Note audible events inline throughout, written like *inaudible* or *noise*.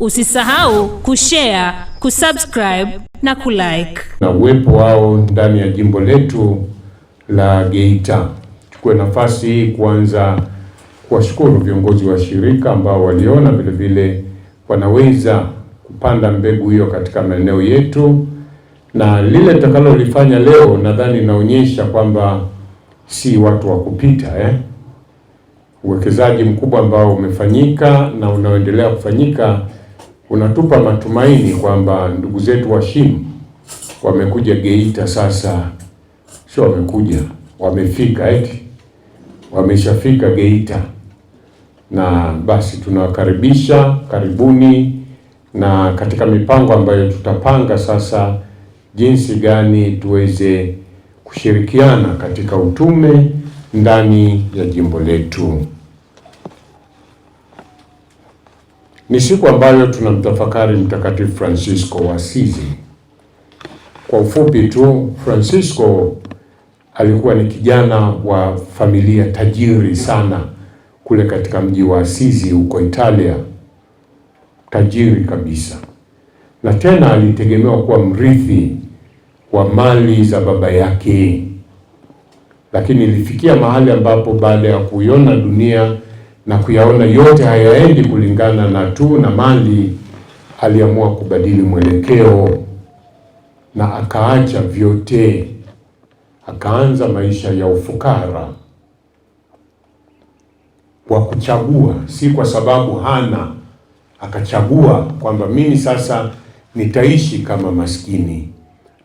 Usisahau kushare, kusubscribe na kulike. Na uwepo wao ndani ya jimbo letu la Geita, chukue nafasi hii kuanza kuwashukuru viongozi wa shirika ambao waliona vile vile wanaweza kupanda mbegu hiyo katika maeneo yetu, na lile tutakalolifanya leo nadhani inaonyesha kwamba si watu wa kupita eh? Uwekezaji mkubwa ambao umefanyika na unaoendelea kufanyika unatupa matumaini kwamba ndugu zetu wa shim wamekuja Geita sasa, sio wamekuja, wamefika, eti wameshafika Geita, na basi tunawakaribisha, karibuni, na katika mipango ambayo tutapanga sasa, jinsi gani tuweze kushirikiana katika utume ndani ya jimbo letu. Ni siku ambayo tunamtafakari Mtakatifu Francisco wa Assisi. Kwa ufupi tu, Francisco alikuwa ni kijana wa familia tajiri sana kule katika mji wa Assisi huko Italia, tajiri kabisa, na tena alitegemewa kuwa mrithi wa mali za baba yake, lakini ilifikia mahali ambapo baada ya kuiona dunia na kuyaona yote hayaendi kulingana na tu na mali, aliamua kubadili mwelekeo na akaacha vyote, akaanza maisha ya ufukara wa kuchagua, si kwa sababu hana, akachagua kwamba mimi sasa nitaishi kama maskini.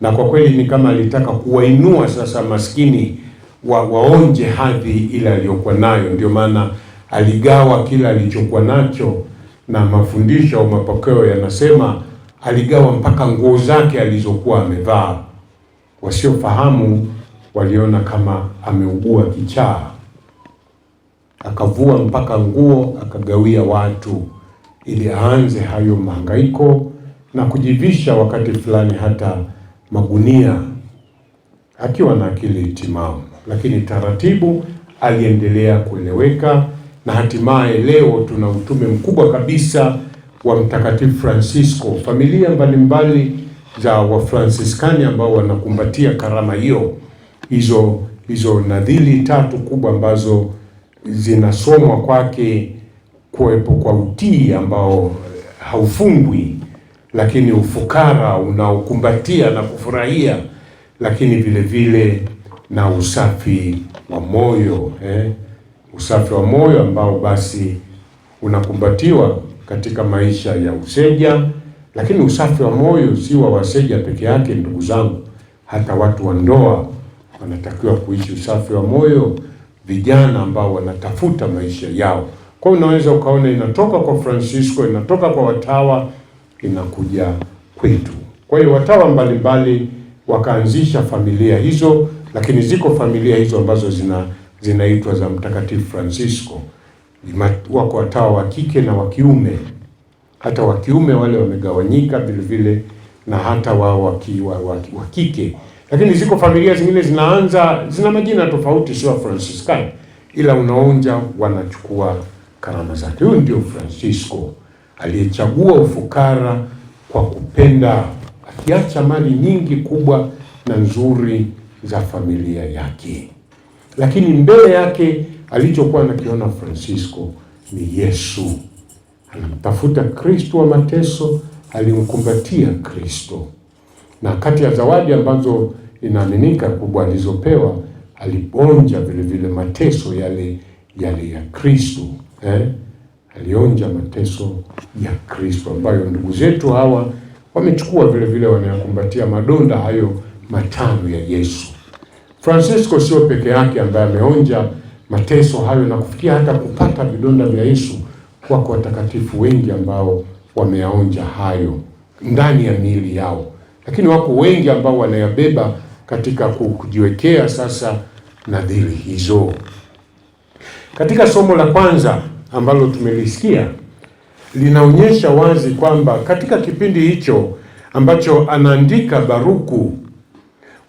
Na kwa kweli ni kama alitaka kuwainua sasa maskini wa waonje hadhi ile aliyokuwa nayo, ndio maana aligawa kila alichokuwa nacho, na mafundisho au mapokeo yanasema aligawa mpaka nguo zake alizokuwa amevaa. Wasiofahamu waliona kama ameugua kichaa, akavua mpaka nguo akagawia watu, ili aanze hayo mahangaiko na kujivisha wakati fulani hata magunia, akiwa na akili timamu. Lakini taratibu aliendelea kueleweka na hatimaye leo tuna utume mkubwa kabisa wa Mtakatifu Francisco. Familia mbalimbali za Wafransiskani ambao wanakumbatia karama hiyo, hizo hizo nadhili tatu kubwa ambazo zinasomwa kwake, kuwepo kwa utii ambao haufungwi, lakini ufukara unaokumbatia na kufurahia, lakini vile vile na usafi wa moyo eh usafi wa moyo ambao basi unakumbatiwa katika maisha ya useja, lakini usafi wa moyo si wa waseja peke yake, ndugu zangu, hata watu wa ndoa wanatakiwa kuishi usafi wa moyo, vijana ambao wanatafuta maisha yao. Kwa hiyo unaweza ukaona inatoka kwa Francisco, inatoka kwa watawa, inakuja kwetu. Kwa hiyo watawa mbalimbali wakaanzisha familia hizo, lakini ziko familia hizo ambazo zina zinaitwa za Mtakatifu Francisco, wako watawa wa kike na wa kiume. Hata wa kiume wale wamegawanyika vile vile na hata wao wa kike, lakini ziko familia zingine zinaanza zina majina tofauti, sio Franciscan, ila unaonja wanachukua karama zake. Huyu ndio Francisco aliyechagua ufukara kwa kupenda, akiacha mali nyingi kubwa na nzuri za familia yake lakini mbele yake alichokuwa anakiona Francisco ni Yesu. anamtafuta Kristo wa mateso, alimkumbatia Kristo, na kati ya zawadi ambazo inaaminika kubwa alizopewa alibonja vile vile mateso yale yale ya Kristo eh? Alionja mateso ya Kristo ambayo ndugu zetu hawa wamechukua vile vile, wanayakumbatia madonda hayo matano ya Yesu. Francisco sio peke yake ambaye ameonja mateso hayo na kufikia hata kupata vidonda vya Yesu. Wako watakatifu wengi ambao wameyaonja hayo ndani ya miili yao, lakini wako wengi ambao wanayabeba katika kujiwekea sasa nadhiri hizo. Katika somo la kwanza ambalo tumelisikia linaonyesha wazi kwamba katika kipindi hicho ambacho anaandika Baruku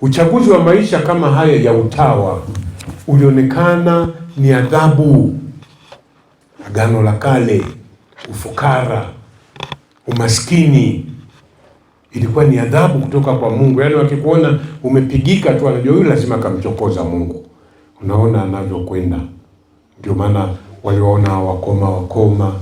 Uchaguzi wa maisha kama haya ya utawa ulionekana ni adhabu. Agano la Kale, ufukara, umaskini ilikuwa ni adhabu kutoka kwa Mungu. Yaani wakikuona umepigika tu, anajua huyu lazima akamchokoza Mungu. Unaona anavyokwenda. Ndio maana waliwaona wakoma wakoma,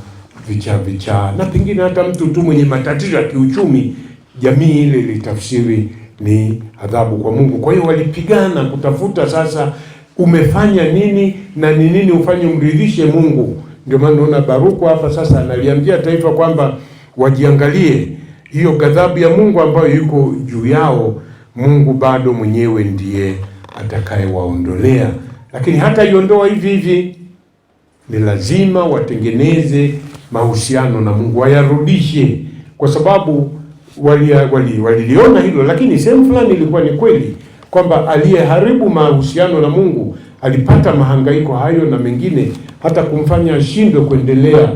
vicha vicha, na pengine hata mtu tu mwenye matatizo ya kiuchumi, jamii ile ilitafsiri ni adhabu kwa Mungu. Kwa hiyo walipigana kutafuta sasa umefanya nini na ni nini ufanye umridhishe Mungu. Ndio maana unaona Baruku hapa sasa analiambia taifa kwamba wajiangalie hiyo ghadhabu ya Mungu ambayo yuko juu yao. Mungu bado mwenyewe ndiye atakayewaondolea, lakini hata iondoa hivi hivi. Ni lazima watengeneze mahusiano na Mungu, wayarudishe kwa sababu waliliona wali, wali hilo, lakini sehemu fulani ilikuwa ni kweli kwamba aliyeharibu mahusiano na Mungu alipata mahangaiko hayo na mengine hata kumfanya ashindwe kuendelea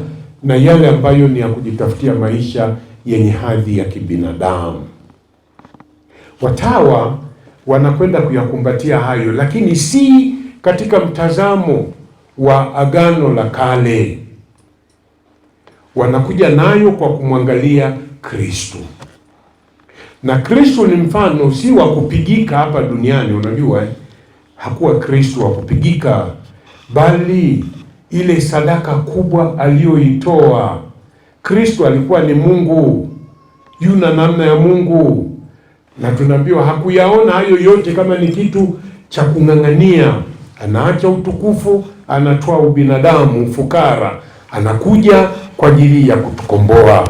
na yale ambayo ni ya kujitafutia maisha yenye hadhi ya kibinadamu. Watawa wanakwenda kuyakumbatia hayo, lakini si katika mtazamo wa Agano la Kale. Wanakuja nayo kwa kumwangalia Kristo na Kristo ni mfano si wa kupigika hapa duniani. Unajua eh? hakuwa Kristo wa kupigika, bali ile sadaka kubwa aliyoitoa Kristo alikuwa ni Mungu, yuna namna ya Mungu, na tunaambiwa hakuyaona hayo yote kama ni kitu cha kung'ang'ania. Anaacha utukufu, anatoa ubinadamu, ufukara, anakuja kwa ajili ya kutukomboa.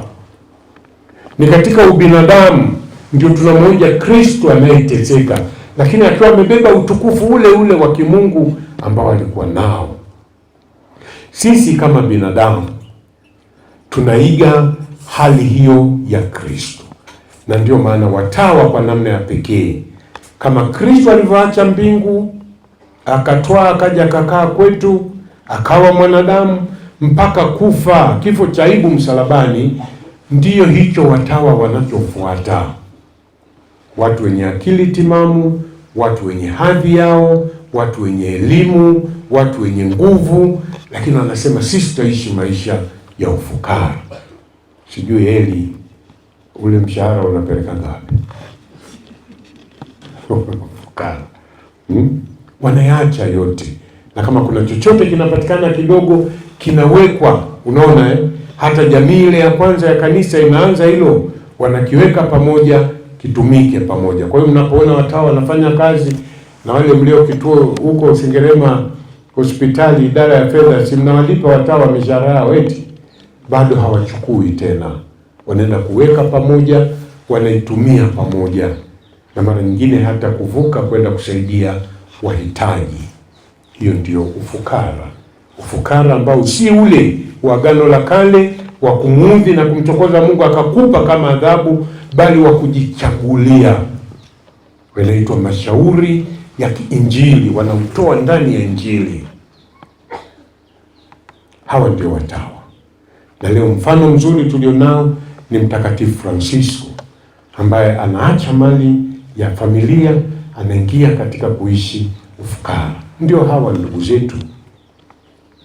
Ni katika ubinadamu ndio tunamwona Kristo anayeteseka, lakini akiwa amebeba utukufu ule ule wa kimungu ambao alikuwa nao. Sisi kama binadamu tunaiga hali hiyo ya Kristo, na ndio maana watawa kwa namna ya pekee, kama Kristo alivyoacha mbingu akatwaa akaja akakaa kwetu akawa mwanadamu mpaka kufa kifo cha aibu msalabani, ndiyo hicho watawa wanachofuata watu wenye akili timamu, watu wenye hadhi yao, watu wenye elimu, watu wenye nguvu, lakini wanasema sisi tutaishi maisha ya ufukara. Sijui Eli, ule mshahara unapeleka ngapi? *laughs* Ufukara hmm? Wanayacha yote, na kama kuna chochote kinapatikana kidogo kinawekwa. Unaona eh? Hata jamii ile ya kwanza ya kanisa inaanza hilo, wanakiweka pamoja kitumike pamoja. Kwa hiyo mnapoona watawa wanafanya kazi na wale mlio kituo huko Sengerema hospitali, idara ya fedha, si mnawalipa watawa mishahara yao? Eti bado hawachukui tena, wanaenda kuweka pamoja, wanaitumia pamoja, na mara nyingine hata kuvuka kwenda kusaidia wahitaji. Hiyo ndio ufukara, ufukara ambao si ule wa Agano la Kale wa kumuudhi na kumchokoza Mungu akakupa kama adhabu bali wa kujichagulia, wanaitwa mashauri ya kiinjili, wanautoa ndani ya Injili. Hawa ndio watawa, na leo mfano mzuri tulionao ni Mtakatifu Francisco ambaye anaacha mali ya familia anaingia katika kuishi ufukara. Ndio hawa ndugu zetu.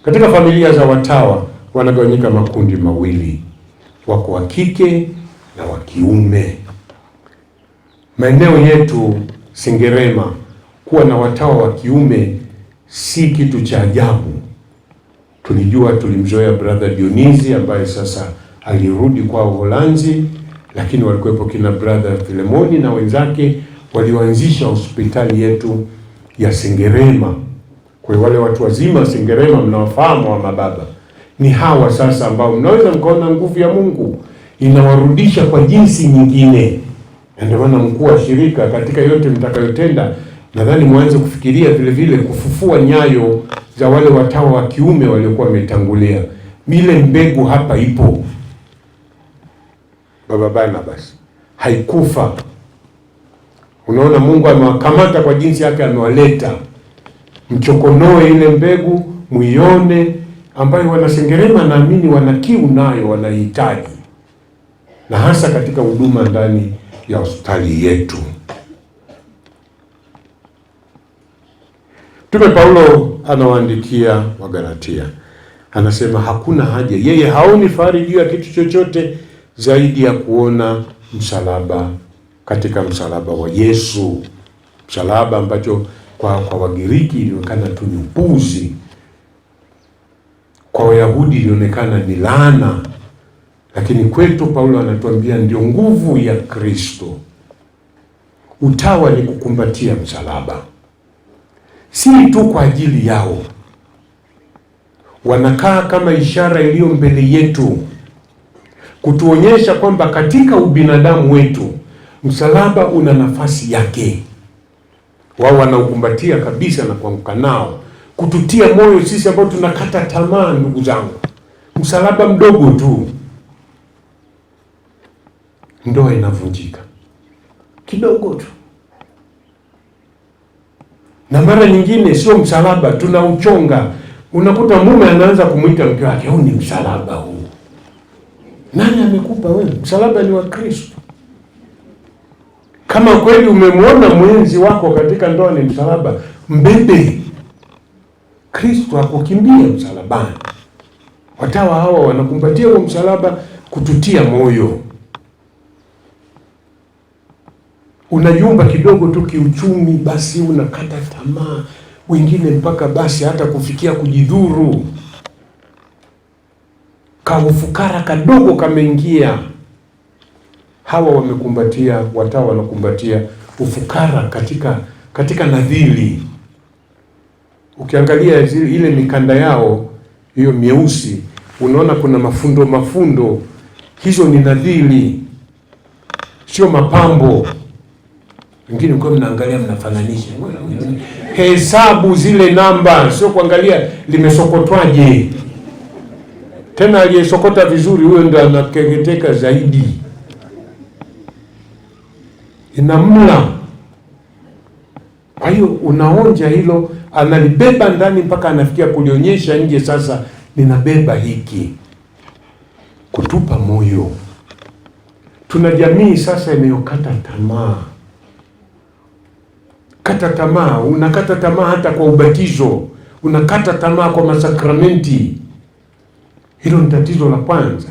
Katika familia za watawa wanagawanyika makundi mawili, wako wa kike na wa kiume. Maeneo yetu Sengerema, kuwa na watawa wa kiume si kitu cha ajabu. Tulijua, tulimzoea brother Dionisi ambaye sasa alirudi kwao Uholanzi, lakini walikuwepo kina brother Filemoni na wenzake walioanzisha hospitali yetu ya Sengerema. Kwa wale watu wazima Sengerema mnawafahamu wa mababa, ni hawa sasa ambao mnaweza mkaona nguvu ya Mungu inawarudisha kwa jinsi nyingine. Ndio maana mkuu wa shirika, katika yote mtakayotenda, nadhani mwanze kufikiria vile vile kufufua nyayo za wale watawa wa kiume waliokuwa wametangulia. Ile mbegu hapa ipo, Baba Barnabas haikufa. Unaona, Mungu amewakamata kwa jinsi yake, amewaleta. Mchokonoe ile mbegu, muione, ambayo wanasengerema naamini wana kiu nayo, wanahitaji na hasa katika huduma ndani ya hospitali yetu. Mtume Paulo anawaandikia Wagalatia, anasema hakuna haja, yeye haoni fahari juu ya kitu chochote zaidi ya kuona msalaba katika msalaba wa Yesu, msalaba ambacho kwa, kwa Wagiriki ilionekana tu ni upuzi, kwa Wayahudi ilionekana ni laana lakini kwetu Paulo anatuambia ndio nguvu ya Kristo. Utawa ni kukumbatia msalaba, si tu kwa ajili yao. Wanakaa kama ishara iliyo mbele yetu kutuonyesha kwamba katika ubinadamu wetu msalaba una nafasi yake. Wao wanaukumbatia kabisa na kuanguka nao, kututia moyo sisi ambao tunakata tamaa. Ndugu zangu, msalaba mdogo tu ndoa inavunjika kidogo tu, na mara nyingine sio msalaba, tunauchonga. Unakuta mume anaanza kumwita mke wake, huu ni msalaba huu. Nani amekupa wewe msalaba? Ni wa Kristo. Kama kweli umemwona mwenzi wako katika ndoa ni msalaba, mbebe Kristo akukimbia msalabani. Watawa hawa wanakumbatia huo msalaba kututia moyo unayumba kidogo tu kiuchumi, basi unakata tamaa, wengine mpaka basi hata kufikia kujidhuru. Kaufukara kadogo kameingia. Hawa wamekumbatia, watawa wanakumbatia ufukara katika katika nadhili. Ukiangalia ile mikanda yao hiyo mieusi, unaona kuna mafundo mafundo, hizo ni nadhili, sio mapambo. Wengine mko mnaangalia mnafananisha. Hesabu zile namba, sio kuangalia limesokotwaje. Tena aliyesokota vizuri huyo ndo anakengeteka zaidi. Inamla. Kwa hiyo unaonja hilo, analibeba ndani mpaka anafikia kulionyesha nje. Sasa ninabeba hiki, kutupa moyo. Tuna jamii sasa inayokata tamaa kata tamaa, unakata tamaa hata kwa ubatizo, unakata tamaa kwa masakramenti. Hilo ni tatizo la kwanza.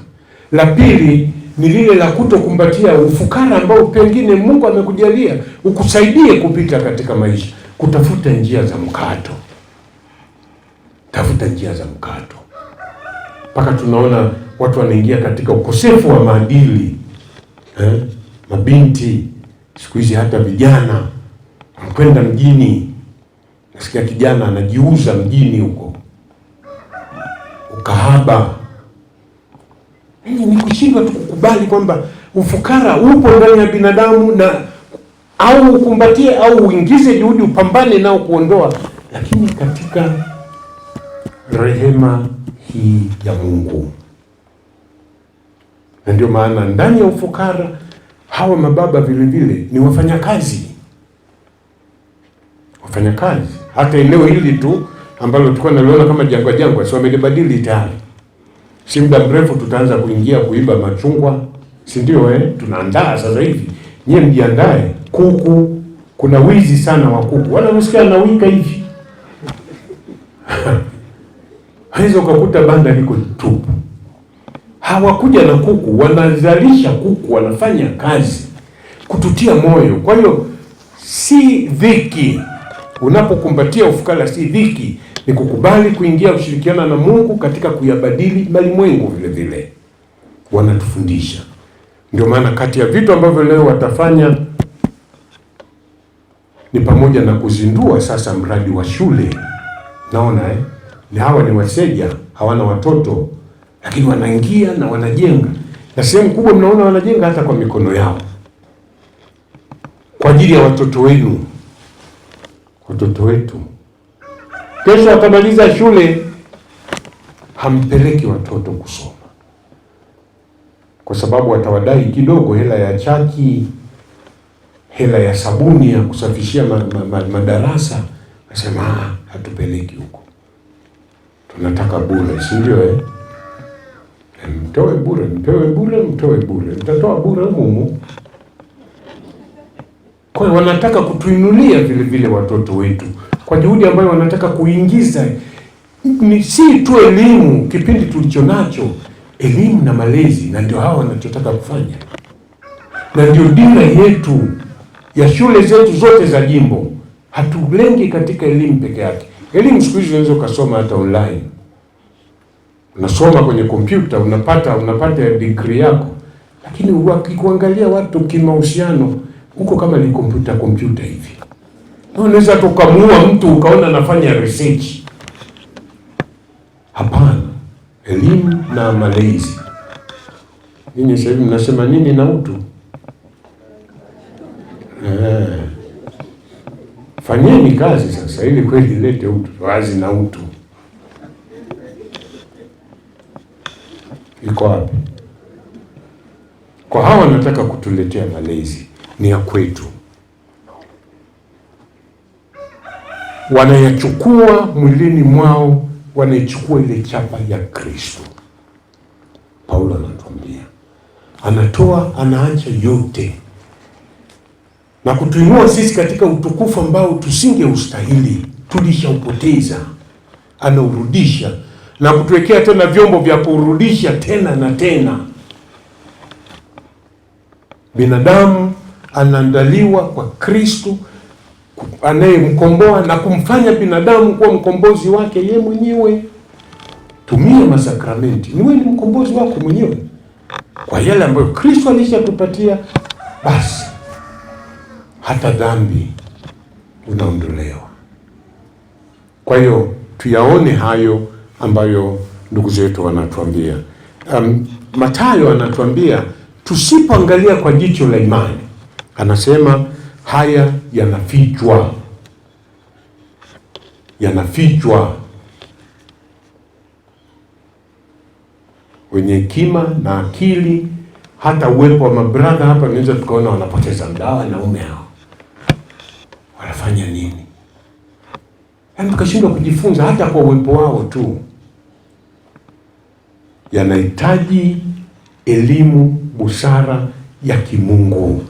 La pili ni lile la kutokumbatia ufukara ambao pengine Mungu amekujalia ukusaidie kupita katika maisha, kutafuta njia za mkato, tafuta njia za mkato, mpaka tunaona watu wanaingia katika ukosefu wa maadili eh? Mabinti siku hizi hata vijana Nakwenda mjini, nasikia kijana anajiuza mjini huko, ukahaba. Mimi yaani ni kushindwa tu kukubali kwamba ufukara upo ndani ya binadamu, na au ukumbatie au uingize juhudi upambane nao kuondoa, lakini katika rehema hii ya Mungu. Na ndio maana ndani ya ufukara hawa mababa vile vile ni wafanyakazi kufanya kazi. Hata eneo hili tu ambalo tulikuwa naliona kama jangwa jangwa, si wamelibadili tayari. Si muda mrefu tutaanza kuingia kuiba machungwa, si ndio? Eh, tunaandaa sasa hivi, nyie mjiandae. Kuku, kuna wizi sana wa kuku, wanakusikia nawika hivi hizo *laughs* ukakuta banda liko tupu, hawakuja na kuku, wanazalisha kuku, wanafanya kazi kututia moyo. Kwa hiyo si dhiki. Unapokumbatia ufukara si dhiki, ni kukubali kuingia kushirikiana na Mungu katika kuyabadili malimwengu. Vile vile wanatufundisha, ndio maana kati ya vitu ambavyo leo watafanya ni pamoja na kuzindua sasa mradi wa shule. Naona eh? Ni hawa ni waseja, hawana watoto lakini wanaingia na wanajenga, na sehemu kubwa mnaona wanajenga hata kwa mikono yao kwa ajili ya watoto wenu watoto wetu. Kesho atamaliza shule, hampeleki watoto kusoma kwa sababu atawadai kidogo, hela ya chaki, hela ya sabuni ya kusafishia ma, ma, ma, madarasa. asema ah, hatupeleki huko, tunataka bure, si ndio? Eh, mtoe bure, mtoe bure, mtoe bure, mtatoa bure mumu kwa hiyo wanataka kutuinulia vile vile watoto wetu kwa juhudi ambayo wanataka kuingiza ni si tu elimu, kipindi tulicho nacho elimu na malezi, na ndio hawa wanachotaka kufanya, na ndio dira yetu ya shule zetu zote za jimbo. Hatulengi katika elimu peke yake. Elimu siku hizi unaweza ukasoma hata online, unasoma kwenye kompyuta, unapata unapata degree yako, lakini wakikuangalia watu kimahusiano huko kama ni kompyuta kompyuta hivi, na unaweza tukamua mtu ukaona anafanya research. Hapana, elimu na malezi. Ninyi sasa hivi mnasema nini na utu? Eh, fanyeni kazi sasa ili kweli lete utu wazi na utu iko wapi? Kwa hawa nataka kutuletea malezi ni ya kwetu. Wanayachukua mwilini mwao, wanaichukua ile chapa ya Kristo. Paulo anatuambia, anatoa anaacha yote na kutuinua sisi katika utukufu ambao tusinge ustahili, tulishaupoteza. Anaurudisha na kutuwekea tena vyombo vya kurudisha tena na tena. Binadamu anaandaliwa kwa Kristo anayemkomboa na kumfanya binadamu kuwa mkombozi wake ye mwenyewe. tumie masakramenti, niwe ni mkombozi wako mwenyewe kwa yale ambayo Kristo alishatupatia. Basi hata dhambi unaondolewa. Kwa hiyo tuyaone hayo ambayo ndugu zetu wanatuambia. Um, Mathayo anatuambia tusipoangalia kwa jicho la imani Anasema haya yanafichwa, yanafichwa wenye hekima na akili. Hata uwepo wa mabradha hapa naweza tukaona wanapoteza muda. wanaume hao wanafanya nini? Yaani tukashindwa kujifunza hata kwa uwepo wao tu. Yanahitaji elimu, busara ya kimungu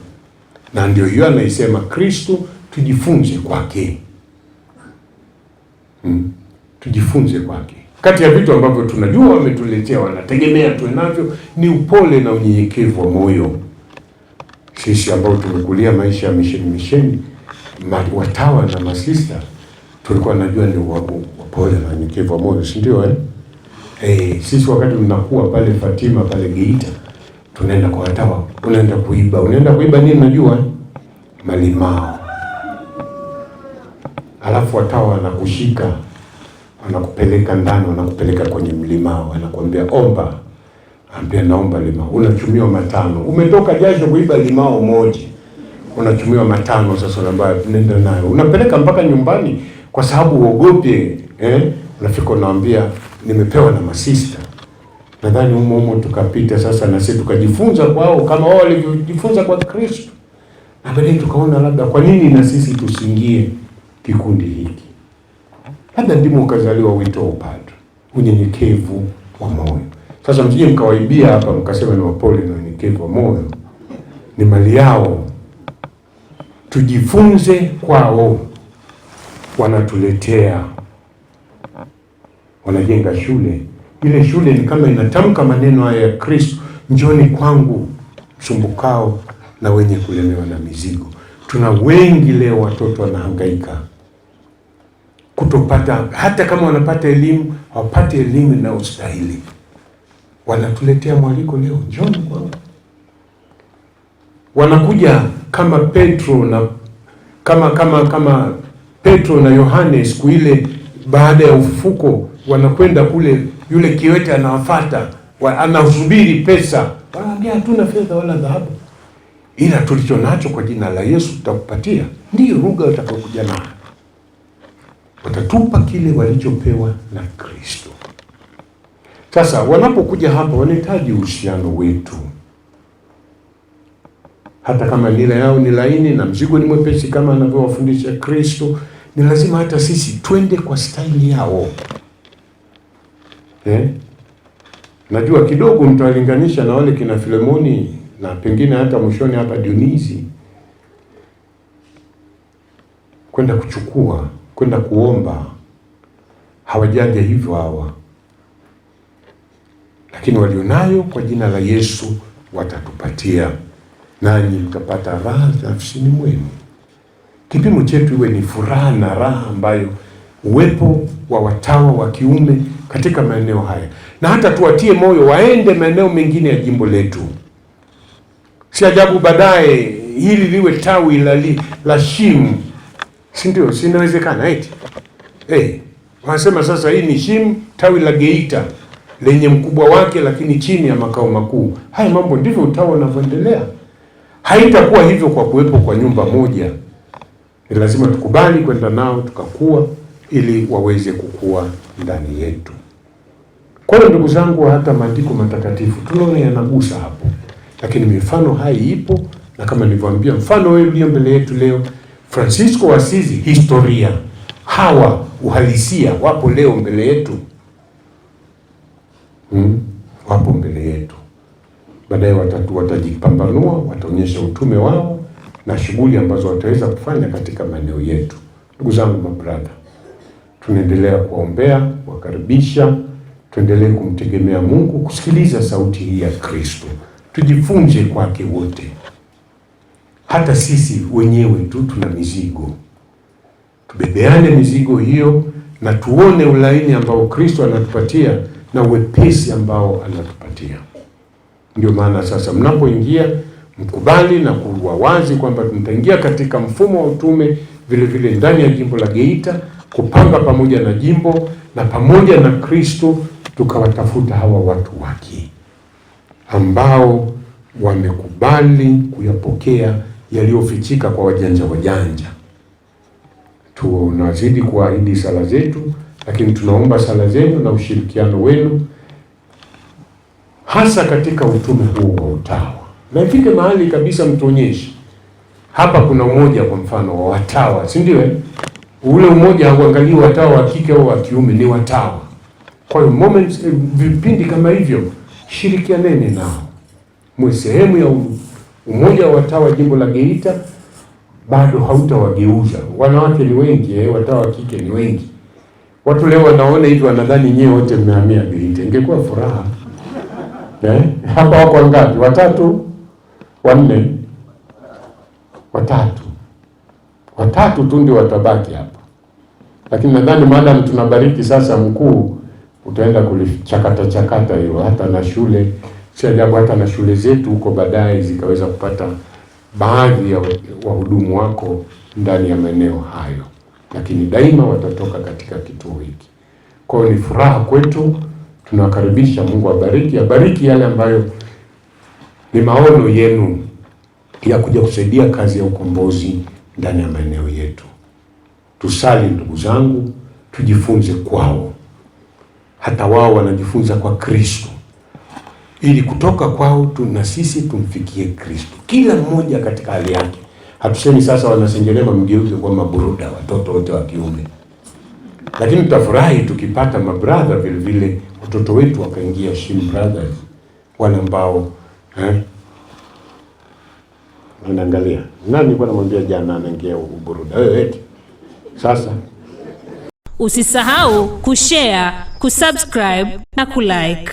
na ndio hiyo anaisema Kristo, tujifunze kwake hmm. Tujifunze kwake. Kati ya vitu ambavyo tunajua wametuletea wanategemea tuwe navyo ni upole na unyenyekevu wa moyo. Sisi ambao tumekulia maisha ya misheni misheni, watawa na masista, tulikuwa najua ni wapole na unyenyekevu wa moyo, si ndio eh? Hey, eh, sisi wakati mnakuwa pale Fatima pale Geita tunaenda kwa watawa, unaenda kuiba. Unaenda kuiba nini? Unajua malimao. Alafu watawa wanakushika, wanakupeleka ndani, wanakupeleka kwenye mlimao, wanakuambia omba, ambia naomba limao, unachumiwa matano. Umetoka jasho kuiba limao moja, unachumiwa matano. Sasa unaambia nenda nayo, unapeleka mpaka nyumbani, kwa sababu uogope eh. Unafika unaambia nimepewa na masista nadhani humo humo tukapita sasa, na sisi tukajifunza kwao kama wao walivyojifunza kwa Kristo, na baadaye tukaona labda kwa nini na sisi tusiingie kikundi hiki. Labda ndimo ukazaliwa wito wa upadre, unyenyekevu wa moyo. Sasa msije mkawaibia hapa mkasema ni wapole na unyenyekevu wa moyo, ni mali yao. Tujifunze kwao, wanatuletea, wanajenga shule ile shule ni kama inatamka maneno haya ya Kristo, njoni kwangu msumbukao na wenye kulemewa na mizigo. Tuna wengi leo watoto wanahangaika kutopata, hata kama wanapata elimu hawapati elimu inayostahili. Wanatuletea mwaliko leo, njoni kwangu. Wanakuja kama Petro na kama kama kama Petro na Yohane siku ile baada ya ufufuko, wanakwenda kule yule kiwete anawafata anasubiri pesa, wanaambia hatuna fedha wala dhahabu, ila tulicho nacho kwa jina la Yesu tutakupatia. Ndiyo lugha utakayokuja nayo, watatupa kile walichopewa na Kristo. Sasa wanapokuja hapa, wanahitaji uhusiano wetu, hata kama nila yao ni laini na mzigo ni mwepesi kama anavyowafundisha Kristo, ni lazima hata sisi twende kwa staili yao eh? Najua kidogo mtawalinganisha na wale kina Filemoni na pengine hata mwishoni hapa Dionisi, kwenda kuchukua, kwenda kuomba. Hawajaja hivyo hawa, lakini walionayo kwa jina la Yesu watatupatia, nanyi mtapata raha nafsini mwenu. Kipimo chetu iwe ni furaha na raha ambayo uwepo wa watawa wa kiume katika maeneo haya, na hata tuwatie moyo waende maeneo mengine ya jimbo letu. Si ajabu baadaye hili liwe tawi la, la shimu, si ndio? Si inawezekana eti eh, wanasema sasa hii ni shimu tawi la Geita lenye mkubwa wake, lakini chini ya makao makuu. Haya mambo ndivyo utawa unavyoendelea. Haitakuwa hivyo kwa kuwepo kwa nyumba moja. Ni lazima tukubali kwenda nao tukakua, ili waweze kukua ndani yetu. Kwa hiyo ndugu zangu, hata maandiko matakatifu tunaona yanagusa hapo, lakini mifano hai ipo, na kama nilivyoambia, mfano wewe ulio mbele yetu leo, Francisco wa Asizi, historia hawa uhalisia wapo leo mbele yetu hmm, wapo mbele yetu. Baadaye watatu watajipambanua, wataonyesha utume wao na shughuli ambazo wataweza kufanya katika maeneo yetu. Ndugu zangu, mabrada, tunaendelea kuwaombea, kuwakaribisha tuendelee kumtegemea Mungu, kusikiliza sauti hii ya Kristo, tujifunze kwake wote. Hata sisi wenyewe tu tuna mizigo, tubebeane mizigo hiyo na tuone ulaini ambao Kristo anatupatia na wepesi ambao anatupatia. Ndio maana sasa mnapoingia mkubali na kuwa wazi kwamba tutaingia katika mfumo wa utume vile vile ndani ya jimbo la Geita, kupanga pamoja na jimbo na pamoja na Kristo tukawatafuta hawa watu wake ambao wamekubali kuyapokea yaliyofichika kwa wajanja wajanja. Tunazidi kuahidi sala zetu, lakini tunaomba sala zenu na ushirikiano wenu, hasa katika utume huu wa utawa, na ifike mahali kabisa mtuonyeshe hapa kuna umoja, kwa mfano wa watawa, si ndio? Eh? Ule umoja hauangalii watawa wa kike au wa kiume, ni watawa kwa hiyo moments, vipindi kama hivyo shirikianeni nao, mwe sehemu ya umoja wa watawa jimbo la Geita. Bado hautawageuza wanawake, ni wengi eh, watawa kike ni wengi. Watu leo wanaona hivi, wanadhani nyie wote mmehamia Geita. Ingekuwa furaha eh? Hapa wako ngapi? Watatu, wanne, watatu, watatu tu ndio watabaki hapa, lakini nadhani madam, tunabariki sasa mkuu utaenda kulichakata chakata hiyo hata na shule si ajabu, hata na shule zetu huko baadaye zikaweza kupata baadhi ya wahudumu wako ndani ya maeneo hayo, lakini daima watatoka katika kituo hiki. Kwa hiyo ni furaha kwetu, tunawakaribisha. Mungu abariki, abariki yale ambayo ni maono yenu ya kuja kusaidia kazi ya ukombozi ndani ya maeneo yetu. Tusali ndugu zangu, tujifunze kwao hata wao wanajifunza kwa Kristo, ili kutoka kwao tu na sisi tumfikie Kristo, kila mmoja katika hali yake. Hatusemi sasa wanasengerema mgeuze kwa maburuda, watoto wote wa kiume, lakini tutafurahi tukipata mabradha vile vile watoto wetu wakaingia Shim Brothers, wale ambao eh, naangalia nani kwa namwambia jana anaingia uburuda wewe eti sasa Usisahau kushare, kusubscribe na kulike.